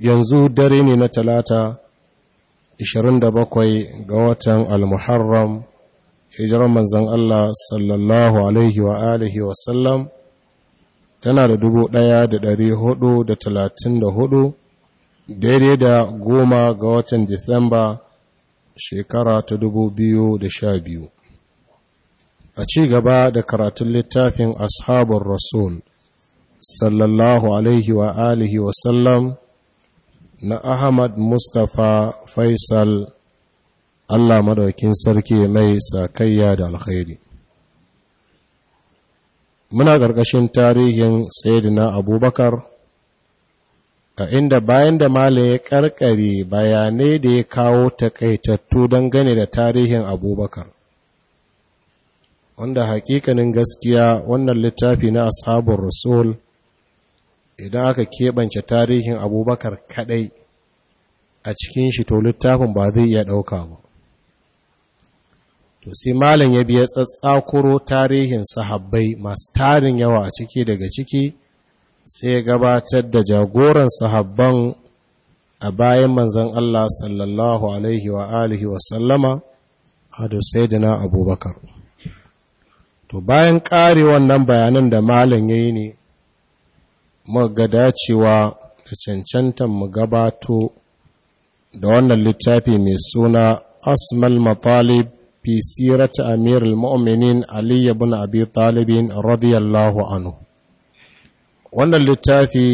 yanzu dare ne na talata 27 ga watan al-muharram hijiran manzan Allah sallallahu alaihi wa alihi wa sallam tana da 1434 daidai da goma ga watan disamba shekara ta 2012 a ci gaba da karatun littafin ashabar rasul sallallahu alaihi wa alihi wa sallam na Ahmad Mustapha Faisal Allah madaukin sarki mai sakayya da alkhairi muna ƙarƙashin tarihin Sayyidina Abubakar a inda bayan da Malam ya ƙarƙare bayanai da ya kawo takaitattu dangane da tarihin Abubakar wanda hakikanin gaskiya wannan littafi na ashabul rasul idan aka keɓance tarihin abubakar kaɗai a cikin shi to littafin ba zai iya ɗauka ba to sai malam ya biya tsatsakuro tarihin sahabbai masu tarin yawa a ciki daga ciki sai gabatar da jagoran sahabban a bayan manzan Allah sallallahu alaihi wa alihi wa sallama a da na abubakar to bayan ƙare wannan bayanan da malam ya yi ne muka dacewa da cancantar mu gabato da wannan littafi mai suna asmal matalib fi sirata amir al-mu'minin ali ibn abi talibin radiyallahu anhu wannan littafi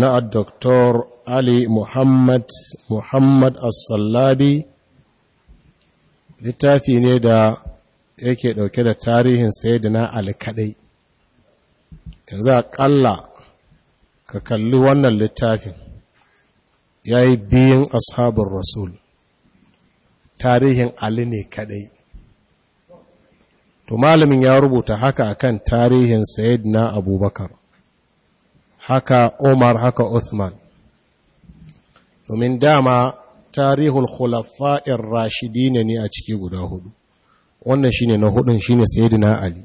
na Dr. ali muhammad muhammad as-sallabi littafi ne da yake dauke da tarihin sayyidina ali kadai yanzu aƙalla ka kalli wannan littafin ya yi biyun ashabin rasul tarihin ali ne kadai to malamin ya rubuta haka akan tarihin na abubakar haka umar haka uthman domin dama tarihul khulafa'ir rashidina ne a ciki guda hudu wannan shine na hudun shine sayyidina ali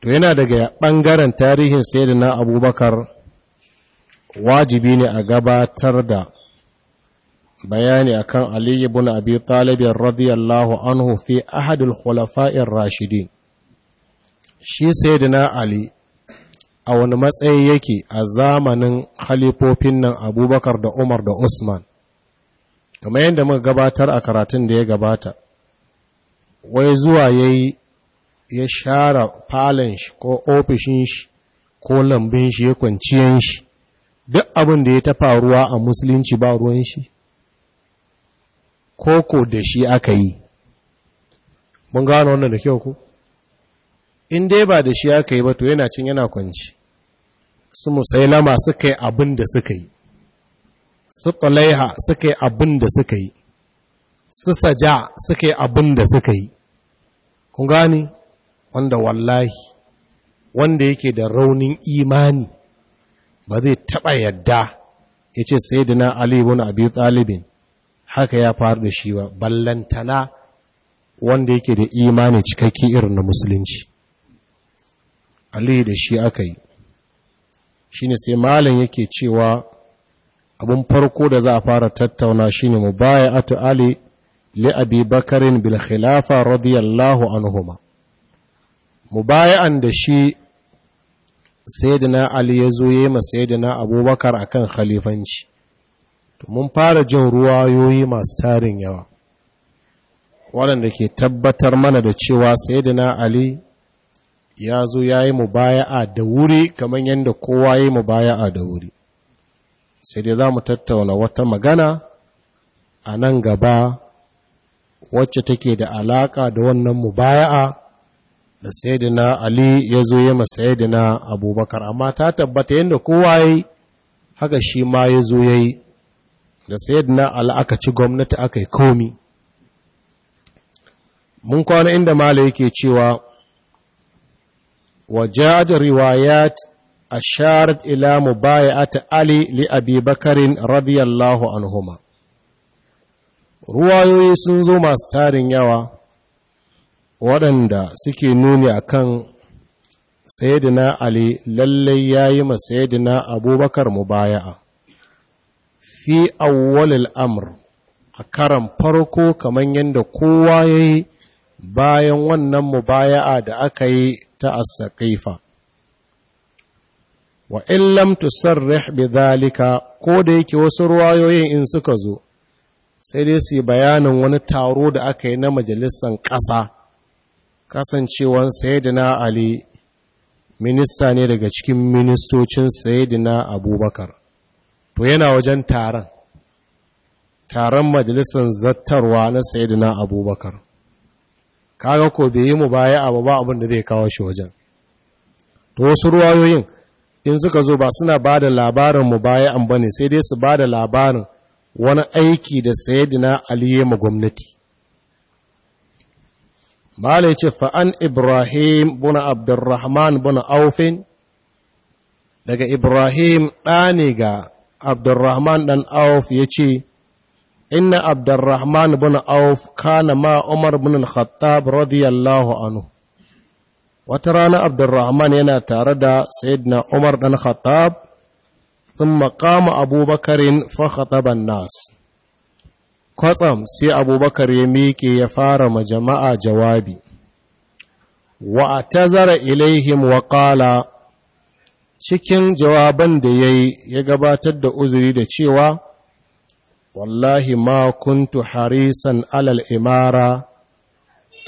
to yana daga ɓangaren tarihin sayyidina abubakar wajibi ne a gabatar da bayani akan Ali ibn Abi Talib radiyallahu anhu fi ahadul khulafa'ir rashidin shi sayyidina Ali a wani matsayi yake a zamanin khalifofin nan Abubakar da Umar da Usman kamar yadda muka gabatar a karatun da ya gabata wai zuwa yayi ya share falon shi ko ofishin shi ko lambin shi ya kwanciyan shi duk abin da ya tafa ruwa a musulunci ba ruwan shi Ko ko da shi aka yi mun gano wannan da kyau ku in dai ba da shi aka yi ba to yana cin yana kwanci su musailama suka yi abin da suka yi su ƙulaiha suka yi abin da suka yi su saja suka yi abin da suka yi ku gani wanda wallahi wanda yake da raunin imani ba zai taɓa yadda ya ce sai da na alibun abi ɗalibin, haka ya faru da shi ba ballantana wanda yake da imani cikakke irin na musulunci aliyu da shi aka yi shi ne sai malin yake cewa abin farko da za a fara tattauna shi ne mu baya atu ali li abi bakarin bil khilafa radiyallahu anhuma mubaya'an da shi sayyidina ali ya zo yi ma sayyidina abubakar akan khalifanci to mun fara jin ruwayoyi masu tarin yawa waɗanda ke tabbatar mana da cewa sayyidina ali ya zo ya yi mubaya'a da wuri kamar yadda kowa ya yi mubaya'a da wuri sai dai za mu tattauna wata magana a nan gaba wacce take da alaƙa da wannan mubaya'a da sayidina ali ya zo ma saidina abubakar amma ta tabbata yadda kowa yi haka shi ma ya zo ya yi da sayidina ali aka ci gwamnati aka yi komi mun kwana inda mala yake cewa da riwayat روايات أشارت إلى ali li لأبي radiyallahu anhuma Ruwayoyi sun zo masu tarin yawa. waɗanda suke nuni a kan sayyidina ali lallai ya yi ma sayyidina abubakar mu mubaya'a fi awwalil amr a karan farko kamar yadda kowa ya yi bayan wannan mu mubaya'a da aka yi ta asakaifa wa in lam bi zalika, ko da yake wasu ruwayoyin in suka zo sai dai su yi bayanin wani taro da aka yi na majalisar ƙasa kasancewan sayidina ali minista ne daga cikin ministocin sayidina abubakar to yana wajen taron taron majalisar zattarwa na sayidina abubakar kaga ko bai yi mu baya abu ba abin da zai kawo shi wajen to wasu ruwayoyin in suka zo ba suna ba da labarin mu baya an bane sai dai su ba da labarin wani aiki da sayidina ali ya gwamnati malai ce fa'an ibrahim buna abdurrahman buna aufin daga ibrahim ɗane ga abdurrahman ɗan auf ya ce inna abdurrahman buna auf kana ma umar bin khattab radiyallahu anhu wata rana abdurrahman yana tare da sayyidina umar ɗan khattab sun maƙama abubakarin fa khataban nas kwatsam sai abubakar ya miƙe ya fara ma jama'a jawabi wa tazara ilaihim wa qala cikin jawaban da yayi ya gabatar da uzuri da cewa wallahi ma kuntu harisan alal imara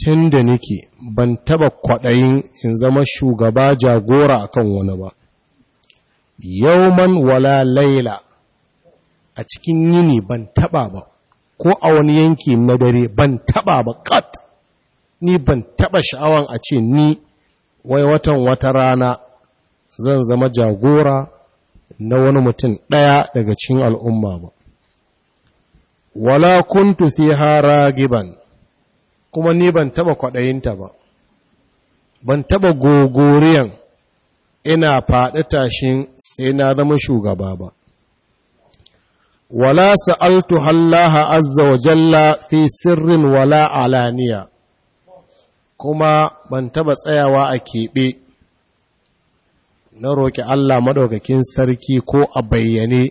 tun da nake ban taba kwaɗayin in zama shugaba jagora akan wani ba Yau man wala laila a cikin yini ban taba ba ko a wani yanki na dare ban taba ba kat ni ban taba sha'awan a ce ni wai watan wata rana zan zama jagora na wani mutum ɗaya daga cikin al'umma ba wala kuntu hara giban kuma ni ban taba kwaɗayinta ba ban taba gogoriyan ina faɗi tashin sai na zama shugaba ba wala sa'altu hallaha azza wa jalla fi sirrin wala a alaniya kuma ban taɓa tsayawa a keɓe na roƙi Allah maɗaukakin sarki ko a bayyane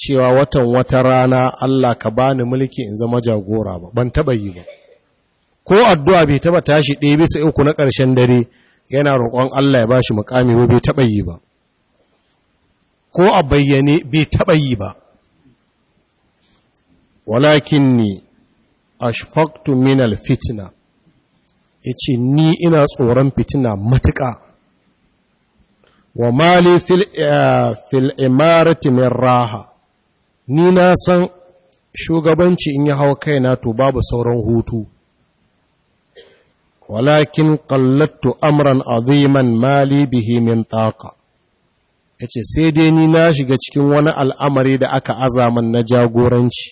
cewa watan wata rana Allah ka bani mulki in zama jagora ba ban taba yi ba ko addu'a bai taba tashi ɗaya bisa uku na ƙarshen dare yana roƙon Allah ya bashi mukami ba bai taba yi ba ko a bayyane bai taɓa yi ba walakinni ashfaqtu min alfitna yace ni ina tsoron fitina matuka. wa mali fil eh, fil imarati min raha ni na san shugabanci in ya hau kaina to babu sauran hutu walakin qallattu amran aziman mali bihi min taqa yace sai dai ni na shiga cikin wani al'amari da aka azaman na jagoranci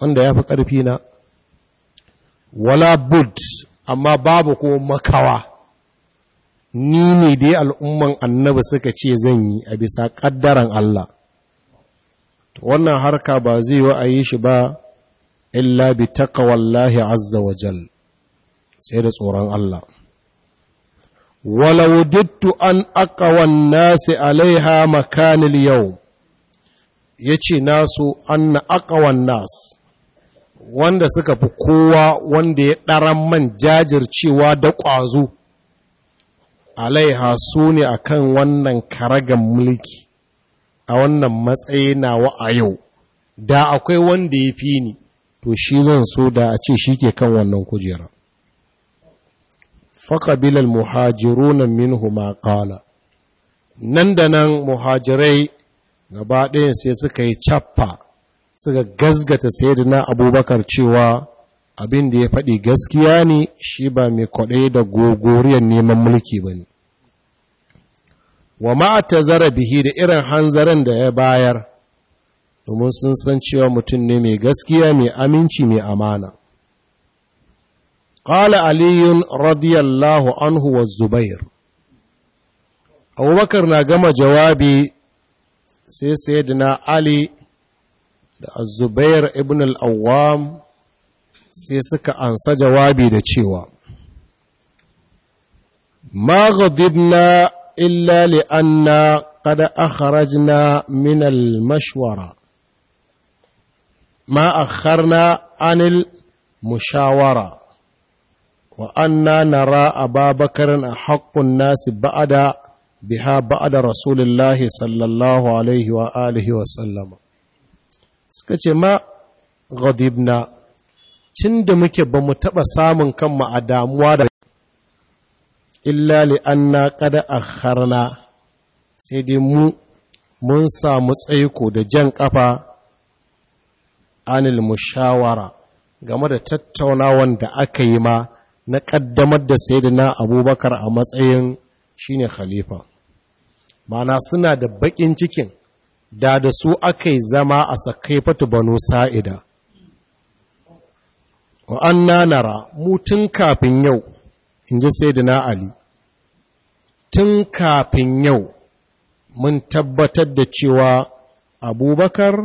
wanda ya fi ƙarfi na wala bud amma babu ko makawa ni ne dai al'umman annabi suka ce zan yi a bisa ƙaddaran Allah wannan harka ba zai wa a yi shi ba illa bi taqwallahi azza wa jal sai da tsoron Allah walau dittu an aqawan nasi alaiha makanil yau yace nasu anna aqawan nas wanda suka fi kowa wanda ya ɗaran man jajircewa da ƙwazo alaiha su ne a kan wannan karagan mulki a wannan matsayi nawa a yau da akwai wanda ya fi ni to shi zan so da a ce shi ke kan wannan kujera faƙabilar muhajirunan minhu ma ƙala nan da nan muhajirai gaba sai suka yi cappa suka gazgata sayyidina abubakar cewa abin da ya faɗi gaskiya ne shi ba mai kwaɗe da gogoriyar neman mulki ba ne wa ma'ata zara bihi da irin hanzarin da ya bayar domin sun san cewa mutum ne mai gaskiya mai aminci mai amana ƙala aliyun radiyallahu anhu wa zubair abubakar na gama jawabi sai sayyidina ali da azubair ibn Al-Awwam sai suka ansa jawabi da cewa ma gudibna illa li’anna kada a harajina minal mashwara ma a harna anil mushawara wa anna nara ababakarin a haƙƙun nasi ba’ada biha ba’ada rasulullahi sallallahu alaihi wa alihi suka ce ma ghadibna cin da muke ba mu taɓa samun kanmu a damuwa da illa li anna qad akharna sai dai mu mun samu tsaiko da jan kafa anil mushawara game da tattaunawan da aka yi ma na ƙaddamar da saidina abubakar a matsayin shine khalifa mana suna da baƙin cikin da da su aka yi zama a sakaifatu banu sa'ida wa an nanara mu tun kafin yau in ji sai ali tun kafin yau mun tabbatar da cewa abubakar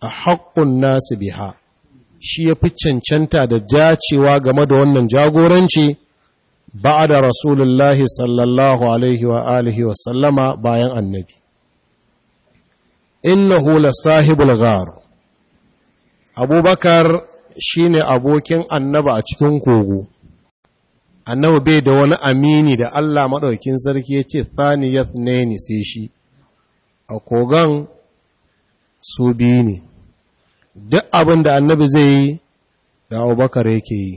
a haƙƙun nasu biha shi ya fi cancanta da jacewa game da wannan jagoranci ba da rasulullahi sallallahu alaihi wa alihi bayan annabi innahu la sahibul ghar abubakar shine abokin annaba a cikin kogo annabi bai da wani amini da Allah maɗaukin sarki ya ce thaniyat naini sai shi a kogan su biyu ne duk abin da annabi zai yi da abubakar yake yi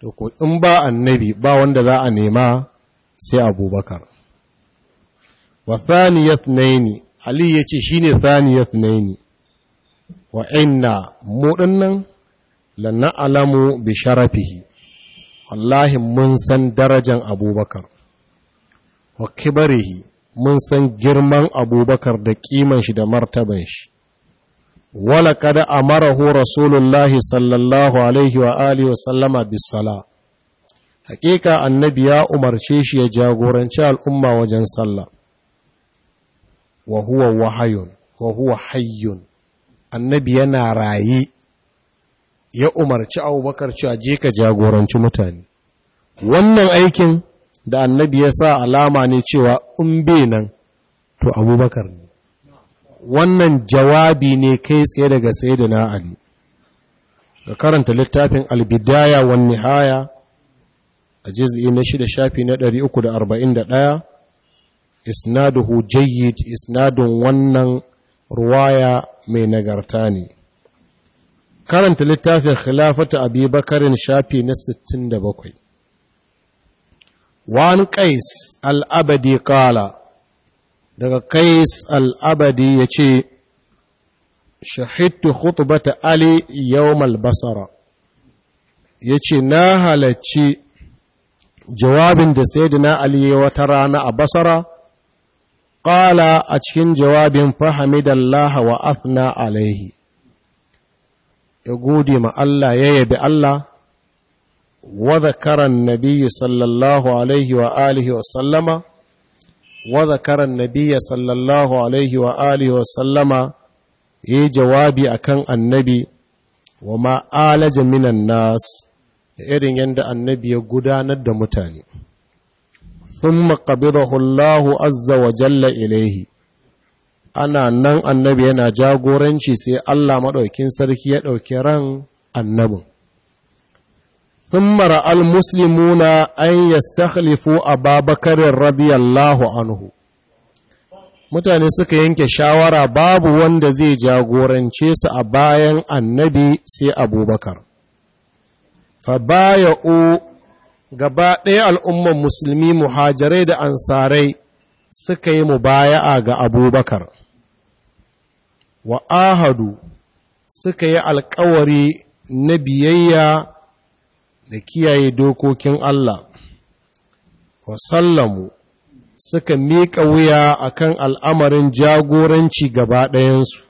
to in ba annabi ba wanda za a nema sai abubakar wa thaniyat naini ali ya ce shi ne thaniyat naini wa ina mu lanna alamu bi sharafihi wallahi mun san darajan abubakar wa kibarihi mun san girman abubakar da ƙiman shi da martaban shi wala kada amarahu rasulullahi sallallahu alaihi wa alihi wa sallama bi sala. hakika annabi ya umarce shi ya jagoranci al'umma wajen sallah wa huwa wahayun wa huwa hayyun annabi yana raye ya umarci abubakar cewa je ka jagoranci mutane wannan aikin da annabi ya sa alama ne cewa in be nan to abubakar ne wannan jawabi ne kai tsaye daga sai na ali ka karanta littafin albidaya wani haya a jizi na shida shafi na 341 isnaduhu jayyid isnadun wannan ruwaya mai nagarta ne karanta littafin khilafata abi bakarin shafi na 67 wani qais al'abadi kala daga qais al'abadi ya ce shahidtu khutbata ali yawmal basara ya ce na halarci jawabin da sayyidina ali ya wata rana a basara ƙala a cikin jawabin fahimidallaha wa athna alaihi ya gode ma Allah ya yabi Allah وذكر النبي صلى الله عليه وآله وسلم وذكر النبي yi jawabi akan annabi wa ma alaja minan nas irin yadda annabi ya gudanar da mutane thumma qabidahu Allah azza wa jalla ilaihi ana nan annabi yana jagoranci sai Allah maɗaukin sarki ya ɗauki ran annabin ثم راى المسلمون ان يستخلفوا ابا بكر رضي الله mutane suka yanke shawara babu wanda zai jagorance su a bayan annabi sai abubakar fa baya'u gaba ɗaya al'umman musulmi muhajirai da ansarai suka yi mubaya'a ga abubakar wa ahadu suka yi alkawari na biyayya da kiyaye dokokin Allah wa sallamu suka miƙa wuya akan al'amarin jagoranci gaba ɗayansu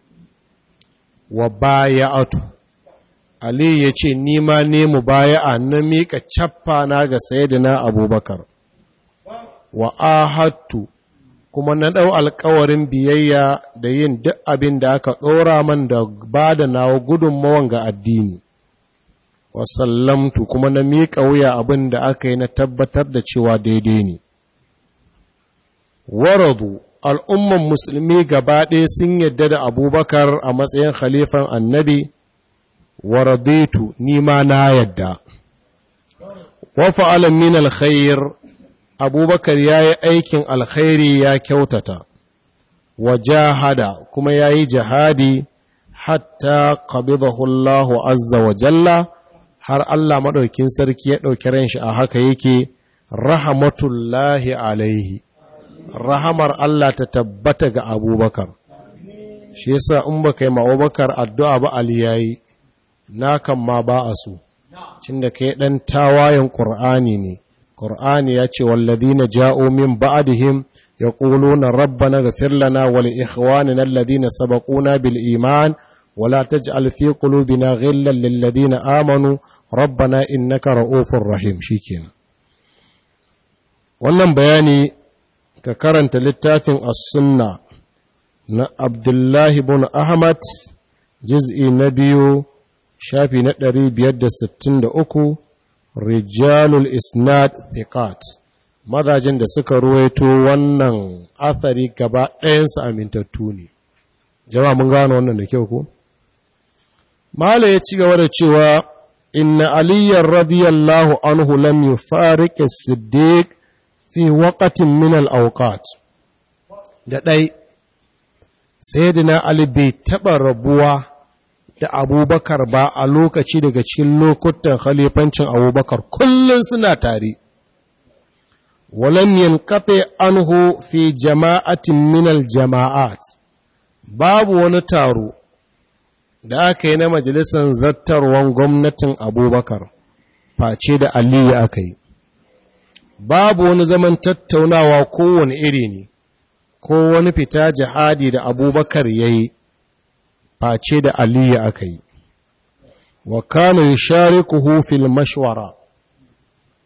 wa baya'atu Ali ya ce, Nima ne mu baya a na miƙa cappa na ga sayidina abubakar, wa ahattu kuma na ɗau alkawarin biyayya da yin duk abin da aka ɗora man da ba da nawa gudunmawan ga addini. Wa sallamtu kuma na miƙa wuya abin da aka yi na tabbatar da cewa daidai ne. Waradu al'umman musulmi gaba ɗaya sun yadda da abubakar a matsayin khalifan annabi. wa nima ni ma na yadda wa alamin alkhair abubakar yayi aikin alkhairi ya kyautata wa jahada kuma yayi jihadi hatta qabidahu Allahu azza wa jalla har Allah maɗaukin sarki ya ɗauki ran shi a haka yake rahmatullahi alaihi rahamar Allah ta tabbata ga abubakar shi yasa in baka yi abubakar addu'a ba ali yayi na kan ma ba a su. cin da kai ɗan tawayen ƙur'ani ne ƙur'ani ya ce walladina ja'o min ba'dihim yaquluna rabbana ighfir lana wa li na alladhina sabaquna bil iman wa la taj'al fi qulubina ghillan lil ladina amanu rabbana innaka ra'ufur rahim shikenan wannan bayani ka karanta littafin as-sunna na Abdullahi ibn Ahmad juz'i na biyu shafi na uku, rijalul isnad thiqat mazajin da suka ruwaito wannan athari gaba ɗayansu amintattu ne jama'a mun gano wannan da kyau ko mala ya ci gaba da cewa inna aliyyar radiyallahu anhu lam yufarik as-siddiq fi waqatin min al-awqat da dai ali bai taɓa rabuwa da abubakar ba a lokaci daga cikin lokutan khalifancin abubakar kullum suna tare walam yanqati anhu fi jama'atin minal jama'at babu wani taro da aka yi na majalisar zattarwan gwamnatin abubakar face da aliyu aka yi babu wani zaman tattaunawa kowane iri ne ko wani fita jihadi da abubakar ya yi face da aliyu aka yi wa kana yusharikuhu fil mashwara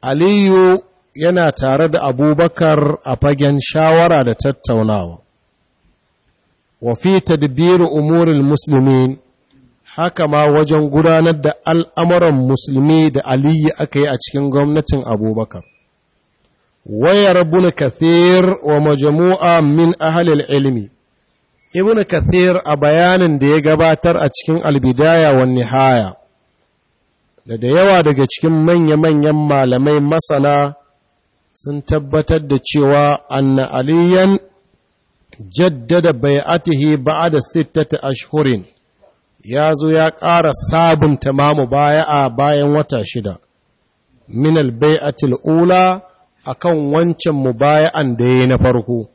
aliyu yana tare da abubakar a fagen shawara da tattaunawa wa fi tadbir umuril musulmin, haka ma wajen gudanar da al'amuran musulmi da aliyu aka yi a cikin gwamnatin abubakar wayar bin kathir wa majamu'a min ahalil ilmi ibn kathir a bayanin da ya gabatar a cikin albidaya wa nihaya da da yawa daga cikin manya-manyan malamai masana sun tabbatar da cewa anna aliyan jaddada bai'atihi ba'da sittata ashhurin ya zo ya ƙara sabunta mamu baya a bayan wata shida min albai'atil ula akan wancan mubaya'an da yayi na farko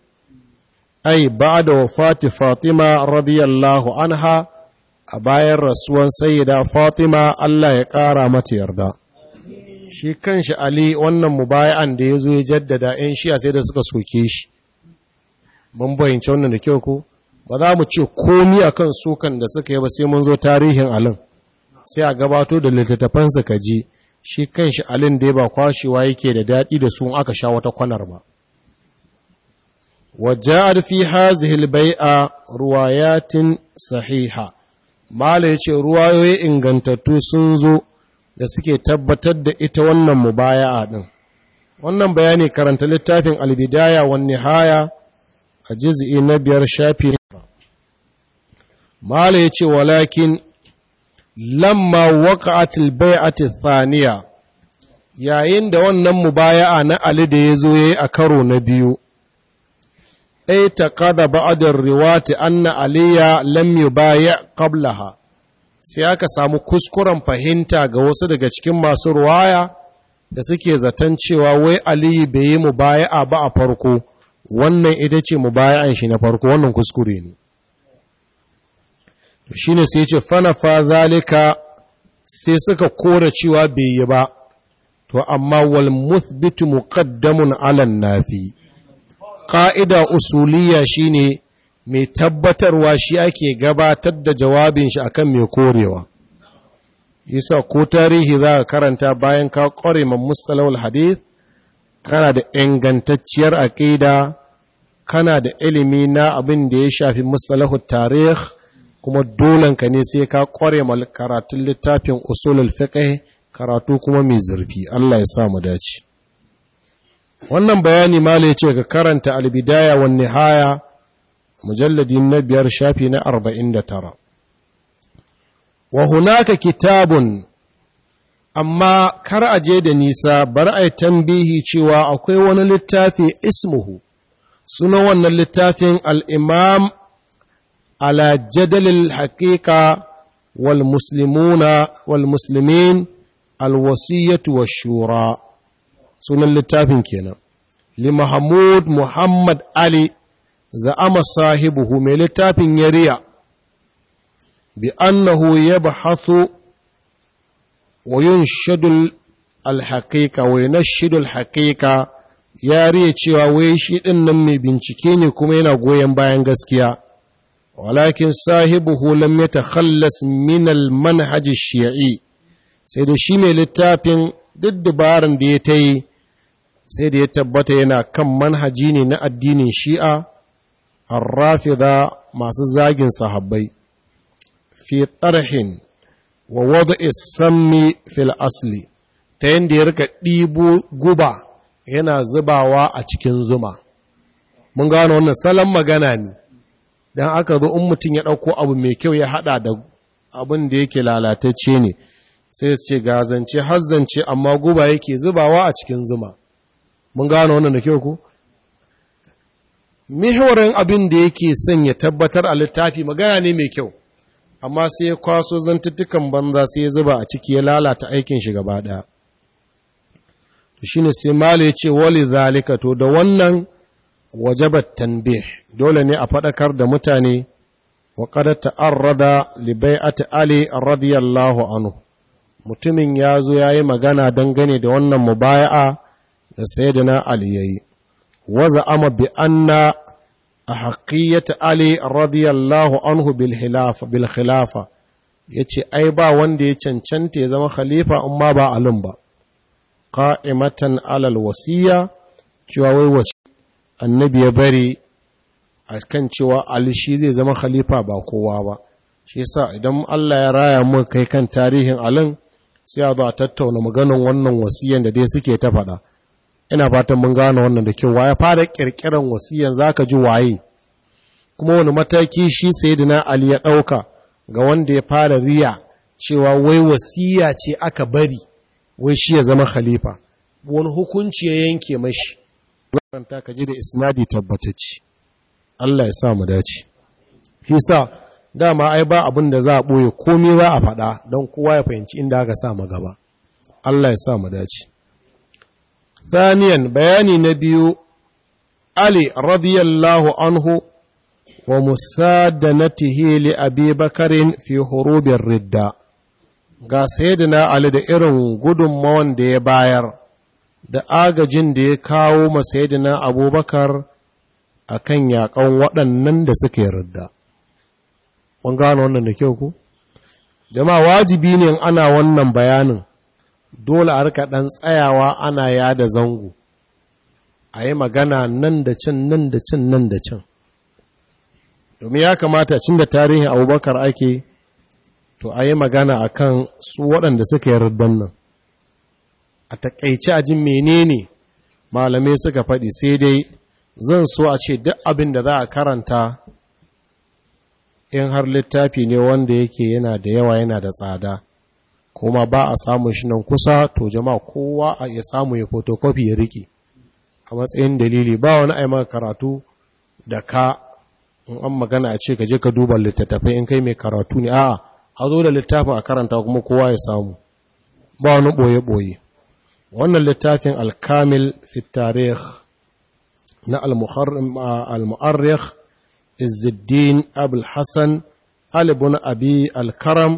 ai ba da wafati fatima radiyallahu anha a bayan rasuwan sayyida fatima Allah ya ƙara mata yarda shi kanshi ali wannan mubayan da ya zo ya jaddada 'yan shi sai da suka soke shi mun bayyance wannan da kyau ko ba za mu ce komi akan kan sukan da suka yi ba sai mun zo tarihin alin sai a gabato da littattafansa kaji shi kanshi alin da ya ba kwashewa yake da daɗi da sun aka sha wata kwanar ba وجاءت في هذه البيعة روايات صحيحة mala ya ce ruwayoyi ingantattu sun zo da suke tabbatar da ita wannan mubaya'a ɗin wannan bayani karanta littafin albidaya wani haya a jiz'i na biyar shafi mala ya ce walakin lamma waka'at albay'ati thaniya yayin da wannan mubaya'a na ali da ya zo yayi a karo na biyu ai ta kada ba'adar riwati anna aliya lam yubaya qablaha sai aka samu kuskuren fahimta ga wasu daga cikin masu ruwaya da suke zaton cewa wai aliyu bai yi mubaya'a ba a farko wannan ita ce mubaya'an shi na farko wannan kuskure ne to shine sai ce fanafa zalika sai suka kora cewa bai yi ba to amma wal muthbitu muqaddamun ala nafi ƙa'ida usuliya shine mai tabbatarwa shi ake gabatar da jawabin shi kan mai korewa yasa ko tarihi za ka karanta bayan ka ƙware ma mustalawul hadith kana da ingantacciyar aƙida kana da ilimi na abin da ya shafi mustalahul tarih kuma dolanka ne sai ka ƙware ma karatun littafin usulul fiqh karatu kuma mai zurfi Allah ya sa mu dace wannan bayani mala ya ce ga karanta albidaya wa nihaya mujalladi na biyar shafi na arba'in da tara wa hunaka kitabun amma kar a je da nisa bari a yi tambihi cewa akwai wani littafi ismuhu sunan wannan littafin al'imam ala jadalil haƙiƙa wal muslimin al wasiyatu wa shura sunan littafin kenan li Mahmud Muhammad Ali za'ama sahibuhu mai littafin yariya bi annahu yabhathu wa yunshidu alhaqiqa wa yunshidu alhaqiqa yariya cewa wai shi din nan mai bincike ne kuma yana goyen bayan gaskiya walakin sahibuhu lam yatakhallas min almanhaj alshi'i shii sai da shi mai littafin duk dabaran da ya ta yi sai da ya tabbata yana kan manhaji ne na addinin shi'a arrafida masu zagin sahabbai fi tsarhin wa wadda isammi fil asli ta yadda ya rika ɗibo guba yana zubawa a cikin zuma mun gano wannan salon magana ne don aka zo in mutum ya ɗauko abu mai kyau ya haɗa da abin da yake lalatacce ne sai su ce gazance zance amma guba yake zubawa a cikin zuma mun gano wannan da kyau ku. mihiwarin abin da yake son ya tabbatar a littafi magana ne mai kyau amma sai ya kwaso zantuttukan banza sai ya zuba a ciki ya lalata aikin shi gaba ɗaya shine sai mali ya ce wali zalika to da wannan wajabat tanbih dole ne a faɗakar da mutane wa qad ta'arrada li bai'ati ali radiyallahu anhu mutumin ya zo yayi magana dangane da wannan mubaya'a da sayyidina ali yayi waza ama bi anna a haƙiyyata ali radiyallahu anhu bil khilafa ya ce ai ba wanda ya cancanta ya zama khalifa amma ba alim ba qa'imatan alal wasiya cewa wai wasi annabi ya bari a kan cewa ali shi zai zama khalifa ba kowa ba shi yasa idan Allah ya raya mu kai kan tarihin alin sai a zo a tattauna maganin wannan wasiyan da dai suke ta faɗa ina fatan mun gano wannan da kyau waye fara kirkiran wasiyan zaka ji waye kuma wani mataki shi sayyidina ali ya dauka ga wanda ya fara riya cewa wai wasiya ce aka bari wai shi ya zama khalifa wani hukunci ya yanke mashi zanta ka ji da isnadi tabbatacci Allah ya sa mu dace yasa dama ai ba abin da za a boye komai za a faɗa don kowa ya fahimci inda aka sa mu gaba Allah ya sa mu dace Saniyan bayani na biyu, Ali radiyallahu anhu wa musa musadanatihi li abi bakarin fi hurubin ridda, ga Sayyidina Ali da irin gudunmawan da ya bayar, da agajin da ya kawo ma Sayyidina Abubakar a kan yaƙan waɗannan da suka yarda. Mun gano wannan da kyau ku? Jama'a wajibi ne ana wannan bayanin, dole a rika ɗan tsayawa ana yada zango a yi magana nan da cin nan da cin nan da cin domin ya kamata cin da tarihin abubakar ake to a yi magana a kan su waɗanda suka yardan nan a taƙaice a jin menene malamai suka faɗi sai dai zan so a ce duk abin da za a karanta in har littafi ne wanda yake yana da yawa yana da tsada kuma ba a samun shi nan kusa to jama'a kowa a ya samu ya photocopy ya rike a matsayin dalili ba wani maka karatu da ka in an magana a ce ka je ka duba littattafai in kai mai karatu ne a'a a zo da littafin a karanta kuma kowa ya samu ba wani boye-boye wannan littafin alkamil fitarih na al-mu'arrikh izzuddin abul hassan alibun abi al-karam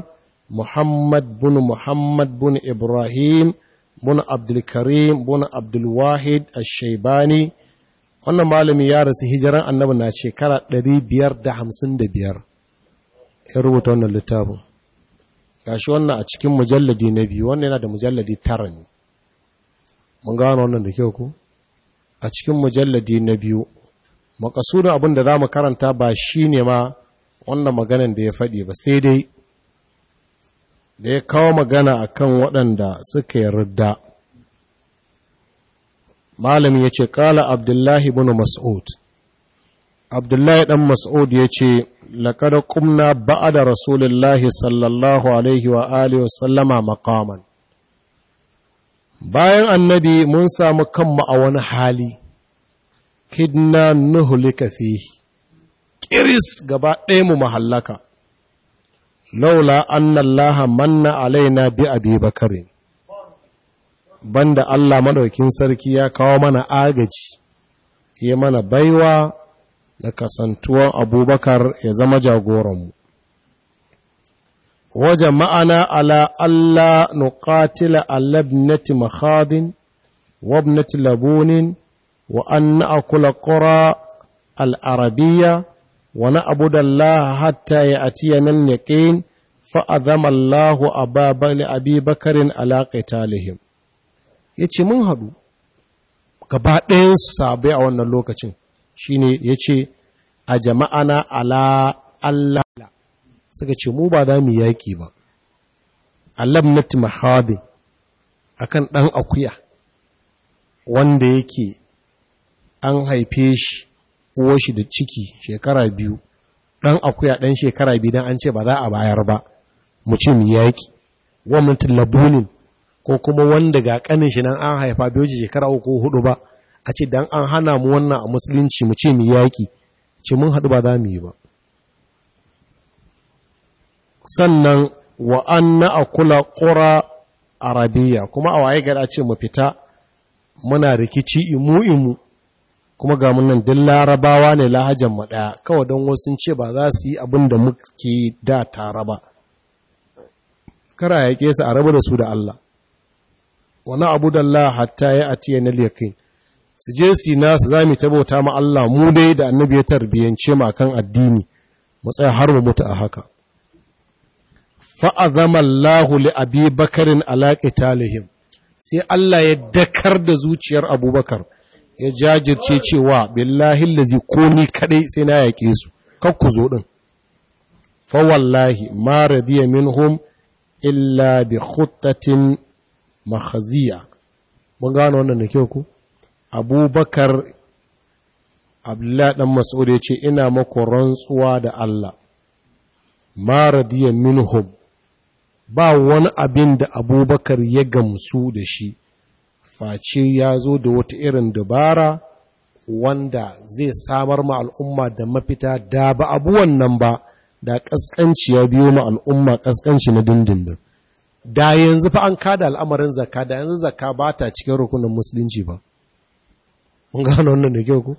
Muhammad بن Muhammad, بن Ibrahim, بن عبد الكريم بن عبد الواحد الشيباني wannan malami ya rasu hijiran annabi na shekara 555 ya rubuta wannan littafin gashi wannan a cikin mujalladi na biyu wannan yana da mujalladi tara ne mun gano wannan da kyau ku a cikin mujalladi na biyu makasudin abin da za mu karanta ba ne ma wannan maganin da ya faɗi ba sai dai da ya kawo magana a kan waɗanda suka yarda malam ya ce ƙala abdullahi bin mas'ud abdullahi ɗan mas'ud ya ce laƙada ƙumna ba'a da rasulullahi sallallahu alaihi wa alihi wasallama makaman bayan annabi mun samu kanmu a wani hali kidna nuhulika fihi ƙiris gaba ɗaya mu mahallaka laula annallaha manna alaina bi abi bakari banda Allah madaukin sarki ya kawo mana agaji ya mana baiwa da kasantuwan abubakar ya zama jagoranmu waje ma'ana ala Allah nuqatila alabnati makhadin wabnati labunin wa an akula qura al-arabiyya wa da Allah hatta ya'tiyana al-yaqin fa azama Allah ababal Abi Bakr ala qitalihim yace mun hadu gaba ɗayan sabai a wannan lokacin shine yace a jama'ana ala Allah suka ce mu ba za mu yaƙi ba alamnat a akan ɗan akuya wanda yake an haife shi uwar shi da ciki shekara biyu ɗan akuya ɗan shekara biyu don an ce ba za a bayar ba mu ce mu yaƙi gwamnatin labunin ko kuma wanda ga ƙanin shi nan an haifa biyu shekara uku hudu ba a ce dan an hana mu wannan a musulunci mu ce mu yaki ce mun haɗu ba za mu yi ba sannan wa anna akula qura arabiya kuma a waye gada ce mu fita muna rikici imu imu kuma ga munan duk larabawa ne lahajan mu daya kawai don wasu ce ba za su yi abin da muke da tare ba kara ya kesa a rabu da su da Allah wani abu da Allah hatta ya atiya na liyakin su je su nasu za mu ma Allah mu dai da annabi ya tarbiyance mu akan addini mu tsaya har mu mutu a haka fa'azama Allahu li Abi Bakarin alaƙi talihim, sai Allah ya dakar da zuciyar abubakar ya jajirce cewa billahi lazi ko ni kadai sai na yaƙe su kar ku zo din fa wallahi ma radiya minhum illa bi khuttatin makhziya mun gano wannan da kyau ku abubakar abdullahi dan mas'ud ya ce ina maku rantsuwa da Allah ma radiya minhum ba wani abin da abubakar ya gamsu da shi face ya zo da wata irin dabara wanda zai samar ma al'umma da mafita da ba abuwan nan ba da ƙasƙanci ya biyo ma al'umma ƙasƙanci na dindindin da yanzu fa an kada al'amarin zaka da yanzu zaka ba ta cikin rukunin musulunci ba mun gano wannan da kyau ku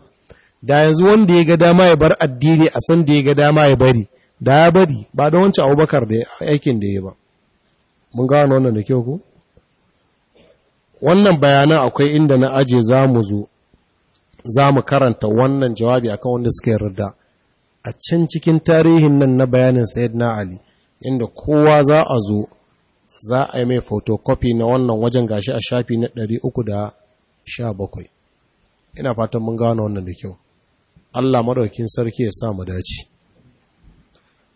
da yanzu wanda ya ga dama ya bar addini a san da ya ga dama ya bari da ya bari ba da wancan abubakar da aikin da ya ba mun gano wannan da kyau ku wannan bayanan akwai inda na aje za mu zo za mu karanta wannan jawabi akan wanda suka yarda a can cikin tarihin nan na bayanin na ali inda kowa za a zo za a yi mai photocopy na wannan wajen gashi a shafi na 317 ina fatan mun gano wannan da kyau Allah madaukin sarki ya sa mu dace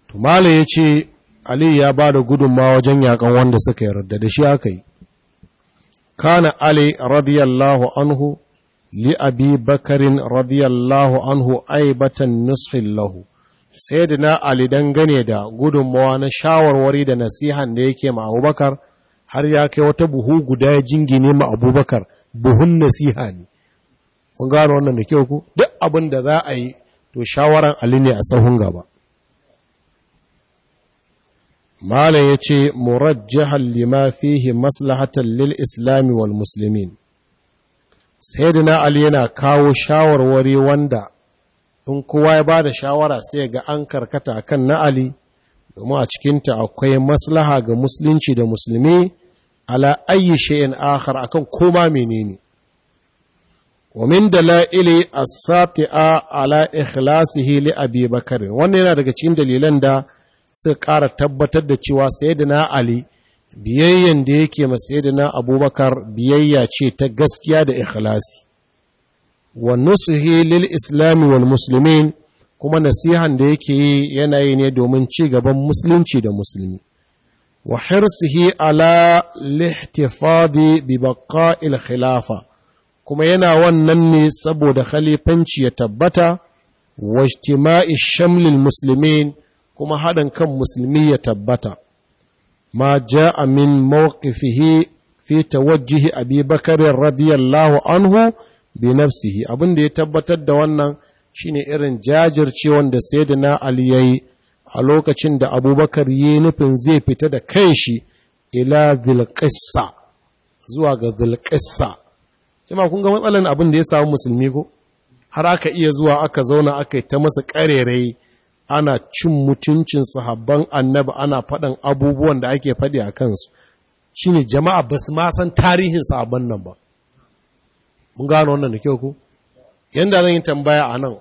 tumale ya ce ali ya ba da gudunmawa wajen yakan wanda suka yarda da shi aka yi kana ali radiyallahu anhu li abi bakarin radiyallahu anhu aibatan nusfin lahu sai da na ali dangane da gudunmawa na shawarwari da nasihan da yake ma abubakar har ya kai wata buhu guda jingine ma abubakar buhun nasiha ne kun gano wannan da kyau ku duk abin da za a yi to shawaran ali ne a sahun gaba malam ya ce jihar lima fihi maslahatan lil islami wal muslimin na ali yana kawo shawarwari wanda in kowa ya ba da shawara sai ga an karkata kan na ali domin a cikinta akwai maslaha ga musulunci da musulmi ala ayi shay'in akhar akan koma menene ومن دلائل الساطئة على إخلاصه لأبي بكر wannan yana daga cikin dalilan da suka ƙara tabbatar da cewa sayyidina ali biyayyen da yake ma sayyidina abubakar biyayya ce ta gaskiya da ikhlasi wa nusuhi lil islami wal muslimin kuma nasihan da yake yi yana ne domin ci gaban musulunci da musulmi wa hirsihi ala lihtifadi bi baqa'il khilafa kuma yana wannan ne saboda khalifanci ya tabbata wa ijtima'i shamlil muslimin kuma haɗin kan musulmi ya tabbata ma ja min mawqifihi fi tawajjihi abi bakar radiyallahu anhu bi nafsihi abin da ya tabbatar da wannan shine irin jajircewan da na ali yayi a lokacin da abubakar yi nufin zai fita da kanshi ila zilqissa zuwa ga zilqissa jama kun ga matsalan abin da ya samu musulmi ko har aka iya zuwa aka zauna aka yi ta masa ƙarerai ana cin mutuncin sahabban annabi ana faɗan abubuwan da ake faɗi a kansu shi ne jama'a ba su ma san tarihin sahabban nan ba mun gano wannan da kyau ku yadda zan yi tambaya a nan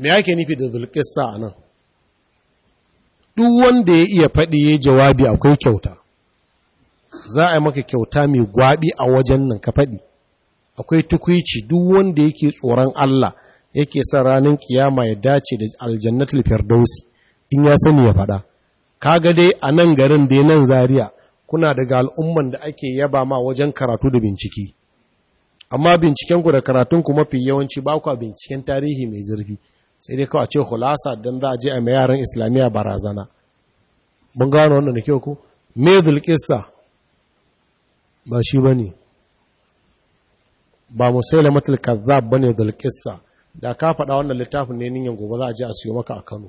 me ake nufi da zulkissa a nan duk wanda ya iya faɗi ya jawabi akwai kyauta za a yi maka kyauta mai gwabi a wajen nan ka faɗi akwai tukwici duk wanda yake tsoron Allah yake sa ranar kiyama ya dace da aljannatul firdausi in ya sani ya faɗa kaga dai a nan garin da nan zaria kuna daga al'umman da ake yaba ma wajen karatu da binciki amma bincikenku da karatunku mafi yawanci ba ku binciken tarihi mai zurfi sai dai kawai ce hulasa don za a je a mai yaran islamiyya barazana mun gano wannan kyau ku medul kissa ba shi ba ne ba musailamatul kazzab ba ne dul da ka faɗa wannan littafin ne niyan gobe za a je a siyo maka a Kano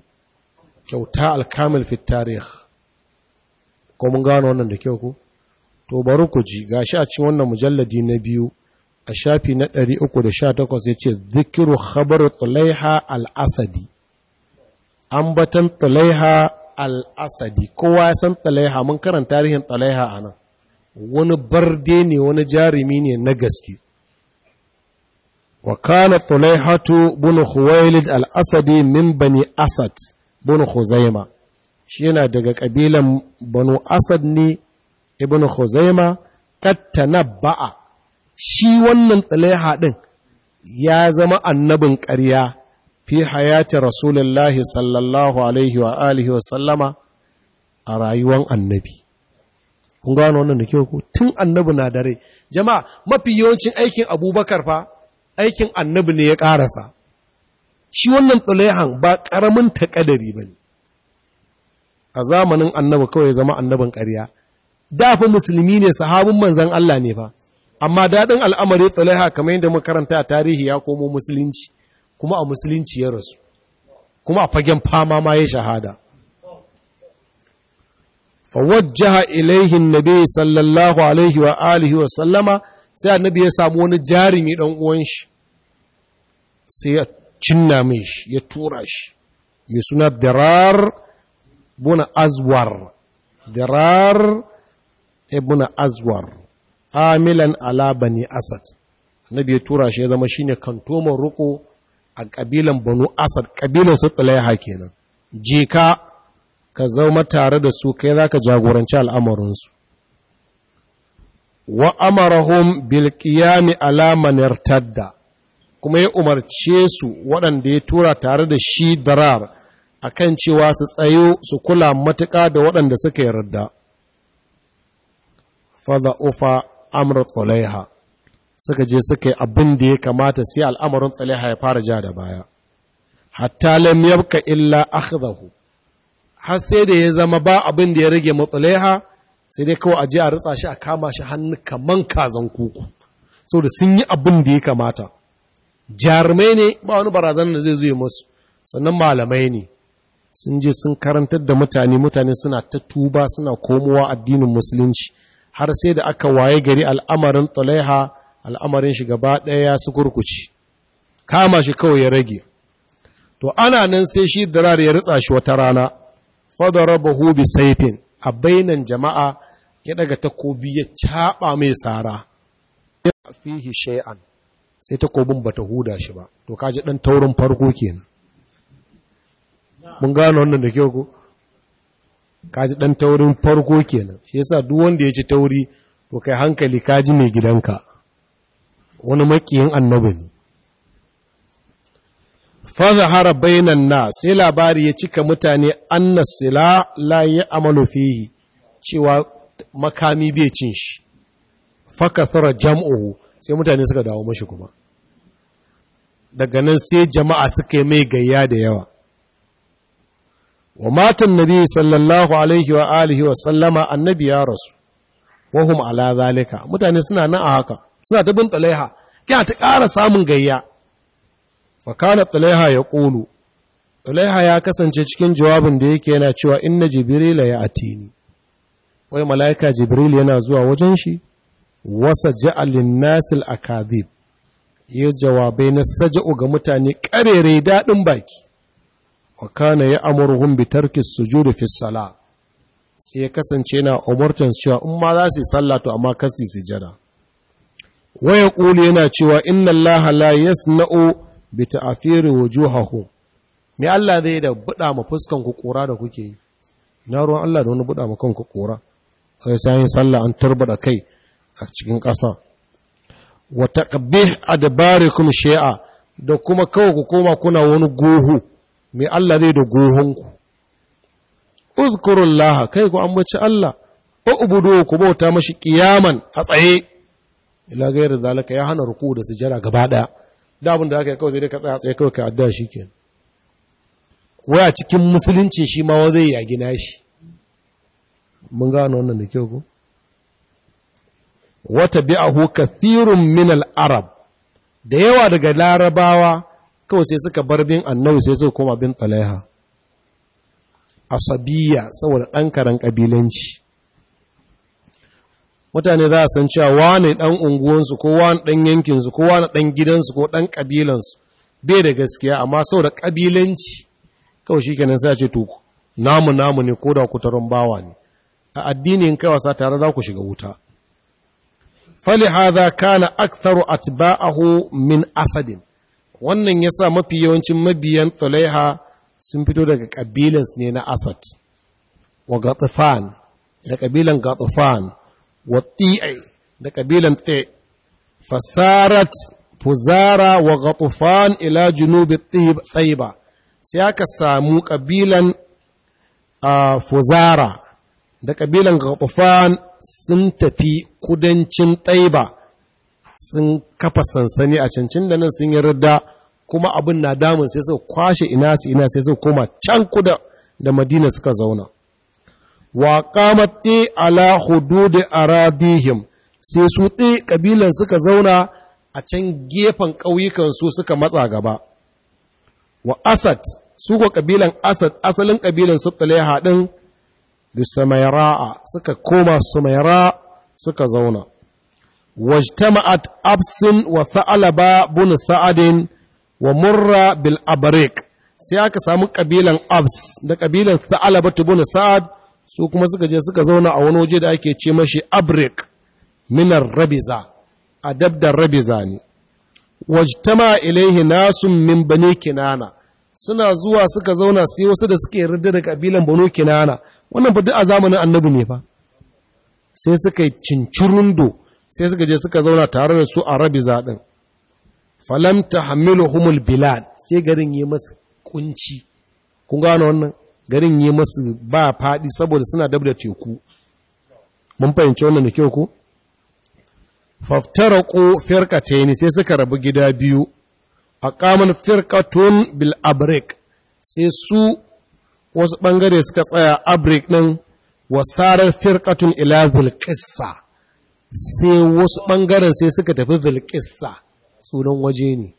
kyauta alkamil fit tarih ko mun gano wannan da kyau ko to bari ku ji gashi a cikin wannan mujalladi na biyu a shafi na 318 yace dhikru khabar tulaiha al-asadi batan tulaiha al-asadi kowa ya san tulaiha mun karanta tarihin tulaiha anan wani barde ne wani jarumi ne na gaske وكان طليحة بن خويلد الأسدي من بني أسد بن خزيمة شينا دقا قبيلة بنو أسد ني ابن خزيمة قد تنبأ shi wannan tsalaiha ɗin ya zama annabin ƙarya fi hayati rasulullahi sallallahu alaihi wa alihi wa sallama a rayuwan kun gano wannan da kyau ko tun annabi na dare jama'a mafi yawancin aikin abubakar fa aikin annabi ne ya ƙarasa shi wannan tsulaihan ba ƙaramin taƙadari ba ne a zamanin annabi kawai zama annabin ƙarya da fa musulmi ne sahabin manzan Allah ne fa amma daɗin al'amari tsulaiha kamar yadda makaranta a tarihi ya komo musulunci kuma a musulunci ya rasu kuma a fagen fama ma ya shahada fawajjaha ilaihin nabi sallallahu alaihi wa alihi wa sallama sai annabi ya samu wani jarumi dan uwan shi sai ya cinna mai shi ya tura shi mai suna Darar buna azwar Darar Buna azwar amilan alabani asad annabi ya tura shi ya zama shine kantoman ruko a kabilan banu asad kabilan su tsalaiha kenan jika ka zama tare da su kai za ka jagoranci al'amarinsu wa amarahum bil qiyami ala man irtadda kuma ya umarce su waɗanda ya tura tare da shi darar akan cewa su tsayo su kula matuƙa da waɗanda suka yarda fadha ufa amr tulaiha suka je suka yi abin da ya kamata sai al'amarin tulaiha ya fara ja da baya hatta lam yabka illa akhdahu har sai da ya zama ba abin da ya rage mutulaiha sai dai kawai a a ritsa shi a kama shi hannu kaman kazan kuku saboda sun yi abin da ya kamata jarumai ne ba wani barazan da zai zuwa masu sannan malamai ne sun je sun karantar da mutane mutane suna ta tuba suna komowa addinin musulunci har sai da aka waye gari al'amarin tsalaiha al'amarin shi gaba ɗaya su kurkuci kama shi kawai ya rage to ana nan sai shi dirar ya ritsa shi wata rana fadarabahu bi saifin a bainan jama'a ya daga takobi ya caɓa mai tsara ya fihi shay'an sai takobin bata huda shi ba to kaji ɗan taurin farko kenan mun gano wannan da kyau ko kaji ɗan taurin farko kenan shi yasa duk wanda ya ci tauri to kai hankali kaji mai gidanka wani makiyin annabi ne fazahara bainan na sai labari ya cika mutane annas sila la ya amalu fihi cewa makami bai cin shi fakathara jam'uhu sai mutane suka dawo mashi kuma daga nan sai jama'a suka yi mai gayya da yawa wa matan nabi sallallahu alaihi wa alihi wa sallama annabi ya rasu wahum ala zalika mutane suna nan a haka suna ta bin tsalaiha kina ta ƙara samun gayya fakana tsulaiha ya ƙulu tsulaiha ya kasance cikin jawabin da yake yana cewa inna jibrila ya ni." wai mala'ika jibril yana zuwa wajen shi wasa ja'alin nasil akadib ya jawabai na saja'u ga mutane ƙarere daɗin baki wa ya amurhum bi su sujudi fi sala sai ya kasance yana umurtan cewa in ma za su yi sallah to amma kasi Wai waya ƙuli yana cewa inna allaha la yasna'u bi ta'athiri wujuhahu me Allah zai da buɗa ma fuskan ku kura da kuke yi na ruwan Allah da wani buɗa ma kanku kura sai sai sallah an turbada kai a cikin ƙasa wa taqbih adbarikum shay'a da kuma kawo ku koma kuna wani gohu me Allah zai da gohon ku uzkurullah kai ku ambaci Allah ubudu ku bauta mashi ƙiyaman a tsaye ila gairar zalika ya hana ruku da sujjada gaba ɗaya da abin da aka yi kawai zai ka tsaya tsaye kawai ka addu'a shi ke waya cikin musulunci shi ma zai ya gina shi mun gano wannan da kyau ko wata bi'ahu kathirun minal minal arab da yawa daga larabawa kawai sai suka bar bin annabi sai suka koma bin talaiha asabiya saboda ɗan karen ƙabilanci mutane za a san cewa wane ɗan unguwansu ko wane ɗan yankinsu ko wane ɗan gidansu ko ɗan ƙabilansu bai da gaskiya amma sau da ƙabilanci kawai shi kenan sai a ce tuku namu namu ne ko da kutarun bawa ne a addinin kai wasa tare za ku shiga wuta Fali فلهذا kana a أتباعه min asadin wannan ya sa mafi yawancin mabiyan Tulaiha sun fito daga ƙabilansu ne na Asad wa Gatsufan da ƙabilan Gatsufan والطيئي ti'i da kabilan ti fasarat fuzara wa ghatufan ila junubi tsayiba sai aka samu kabilan fuzara da kabilan ghatufan sun tafi kudancin sun kafa sansani a cancin da nan sun yi rida kuma abin na damun sai su kwashe ina su ina sai su koma can kuda da madina suka zauna wa qamati ala hudud aradihim sai su ɗi kabilan suka zauna a can gefen ƙauyukansu su suka matsa gaba wa asad su ko kabilan asad asalin kabilan su talaiha din da samaira'a suka koma samaira suka zauna wajtama'at absin wa tha'alaba bun sa'adin wa murra bil abrik sai aka samu kabilan abs da kabilan tha'alaba bun sa'ad su kuma suka je suka zauna a wani waje da ake ce mashi abrik minar rabiza a dabdar rabiza ne wajtama ilaihi nasun min bani kinana suna zuwa suka zauna sai wasu da suke rida da kabilan banu kinana wannan duk a zamanin annabi ne fa sai suka yi cincirundo sai suka je suka zauna tare da su a rabiza din falam humul, bilad sai garin yi masa kunci kun wannan garin yi masu ba faɗi saboda suna dab da teku mun fahimci wannan da kyau ko ta yi sai suka rabu gida biyu a firka firqatun bil abrik sai su wasu bangare suka tsaya abrik ɗin wasarar firqatun ila bil sai wasu bangaren sai suka tafi bil sunan waje ne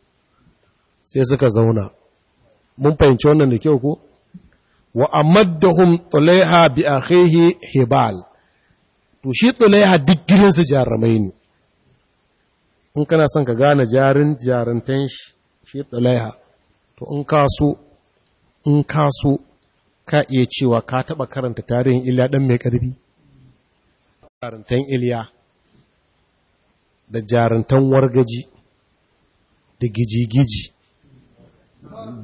sai suka zauna mun fahimci wannan da kyau ko wa amaddahum tulaiha bi akhihi hibal to shi tulaiha duk gidansu jarumai ne in kana son ka gane jarin jarantan shi shi to in ka so ka iya cewa ka taba karanta tarihin Iliya dan mai karfi jarantan Iliya da jarantan wargaji da gijigiji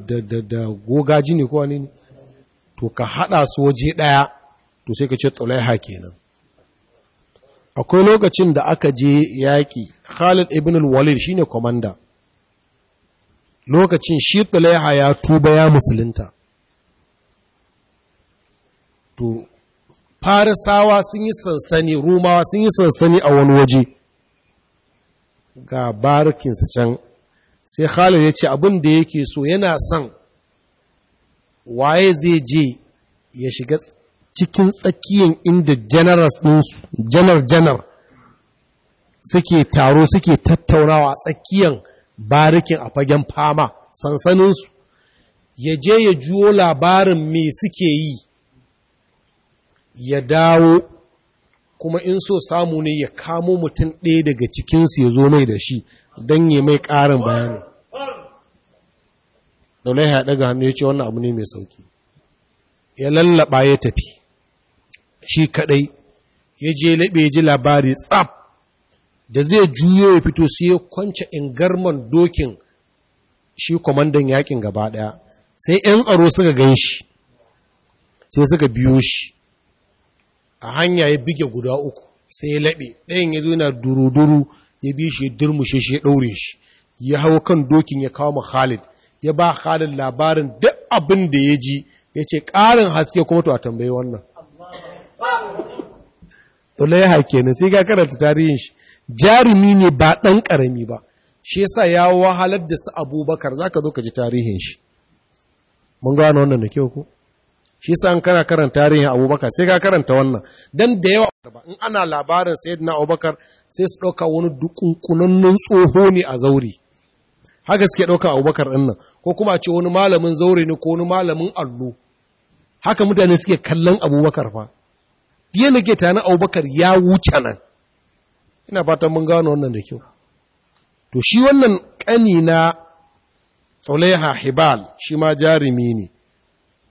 da da gogaji ne ko ne to ka haɗa su waje ɗaya to sai ka ce tsulaiha kenan akwai lokacin da aka je yaƙi khalid ibn walid shine komanda lokacin shi tsulaiha ya tuba ya musulunta to farisawa sun yi sansani rumawa sun yi sansani a wani waje ga barikinsa can sai khalid ya ce abin da yake so yana san waye zai je ya shiga cikin tsakiyan inda generals ɗinsu janar-janar suke taro suke tattaunawa tsakiyan barikin a fagen fama sansaninsu ya je ya juwo labarin me suke yi ya dawo kuma in so samu ne ya kamo mutum ɗaya daga cikinsu ya zo mai da shi don ya mai ƙarin bayani daulai ya daga hannu ya ce wannan abu ne mai sauki ya lallaba ya tafi shi kadai ya je laɓe ji labari tsab da zai juyo ya fito sai ya kwance ingarman dokin shi kwamandan yakin gaba ɗaya sai 'yan tsaro suka gan shi sai suka biyo shi a hanya ya bige guda uku sai ya laɓe ɗayan ya zo yana duru-duru ya bi shi ya durmushe shi ya ɗaure shi ya hau kan dokin ya kawo mu Khalid ya ba halin labarin duk abin da ya ji ya ce ƙarin haske kuma to a tambayi wannan ya haƙe ne sai ka karanta tarihin shi jarumi ne ba ɗan ƙarami ba shi yasa ya wahalar da su abubakar za ka zo ka ji tarihin shi mun gano wannan da kyau ko shi yasa an kana karanta tarihin abubakar sai ka karanta wannan don da yawa in ana labarin na abubakar sai su ɗauka wani dukunkunannen tsoho ne a zauri haka suke ɗauka abubakar ɗin nan ko kuma ce wani malamin zaure ne ko wani malamin allo haka mutane suke kallon abubakar fa Diya na ke tana abubakar ya wuce nan ina fatan mun gano wannan da kyau to shi wannan ƙani na tsoleha hibal shi ma jarumi ne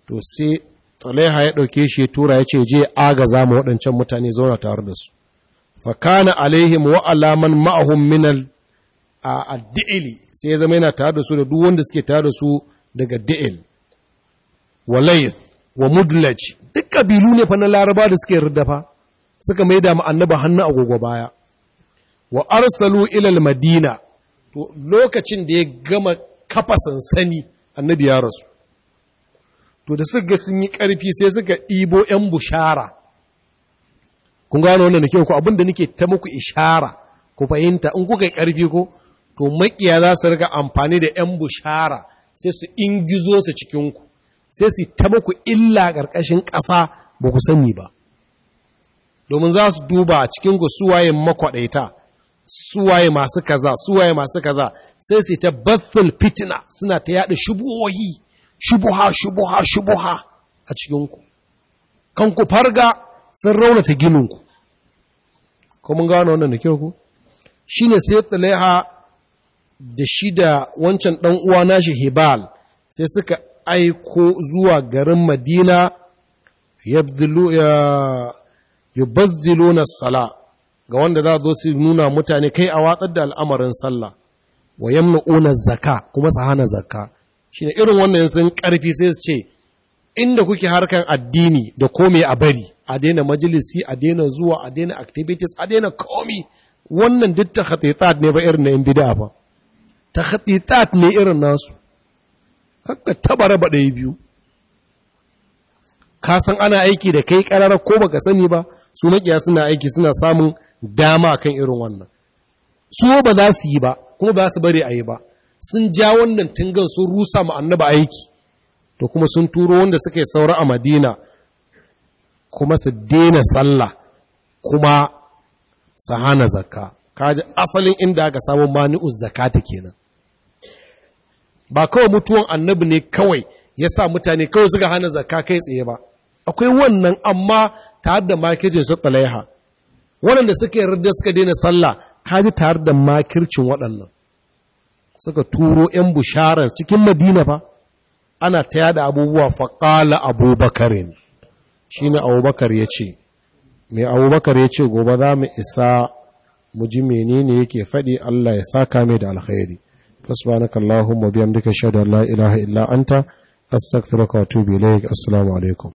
to sai tsoleha ya ɗauke shi ya tura ya ce je agaza mu waɗancan mutane zauna tare da su fakana alaihim wa alaman ma'ahum minal a addi'ili sai ya zama yana tare da su da duk wanda suke tare da su daga di'il wa layth wa mudlaj duk kabilu ne fa na laraba da suke riddafa suka mai da annaba hannu agogo baya wa arsalu ilal madina to lokacin da ya gama kafa sansani annabi ya rasu to da suka sun yi ƙarfi sai suka ibo 'yan bushara kun gano wannan da ke ku abinda nake ta muku ishara ku fahimta in kuka yi ƙarfi ko to makiya za su riga amfani da 'yan bushara sai su ingizo su cikinku sai su ta muku illa ƙarƙashin ƙasa ba ku sani ba domin za su duba cikinku suwaye makwaɗaita suwaye masu kaza suwaye masu kaza sai su ta bathul fitina suna ta yaɗa shubuhohi shubuha shubuha shubuha a cikinku kanku farga sun raunata gininku kuma gano wannan da kyau ku shine sai tsalaiha da shi da wancan ɗan uwa nashi Hibal sai suka aiko zuwa garin Madina na sala ga wanda za zo su nuna mutane kai a watsar da al'amarin sallah wa yamna'una zaka kuma su hana zaka shine irin wannan sun karfi sai su ce inda kuke harkan addini da komai a bari a daina majalisi a daina zuwa a daina activities a daina komi wannan duk ta ne ba irin na yan bid'a ba ta haɗitat ne irin nasu kakka taba raba ɗaya biyu ka san ana aiki da kai ƙarara ko ba ka sani ba su maƙiya suna aiki suna samun dama kan irin wannan su ba za su yi ba kuma ba su bari a yi ba sun ja wannan tungan sun rusa ma annaba aiki to kuma sun turo wanda suka yi saura a madina kuma su daina sallah kuma su hana zakka kaji asalin inda aka samu mani'uz zakata kenan ba kawai mutuwan annabi ne kawai ya sa mutane kawai suka hana zakka kai tsaye ba akwai wannan amma tare da makircin su tsalaiha waɗanda suka yarda suka daina sallah ta ji tare da makircin waɗannan suka turo 'yan bushara cikin madina ba ana ta yada abubuwa faƙala abubakarin shi ne abubakar ya ce mai abubakar ya ce gobe za mu isa mu ji menene yake faɗi allah ya saka mai da alkhairi subhanaka allahumma bihamdika ashhadu an la ilaha illa anta astaghfiruka wa atubu assalamu alaikum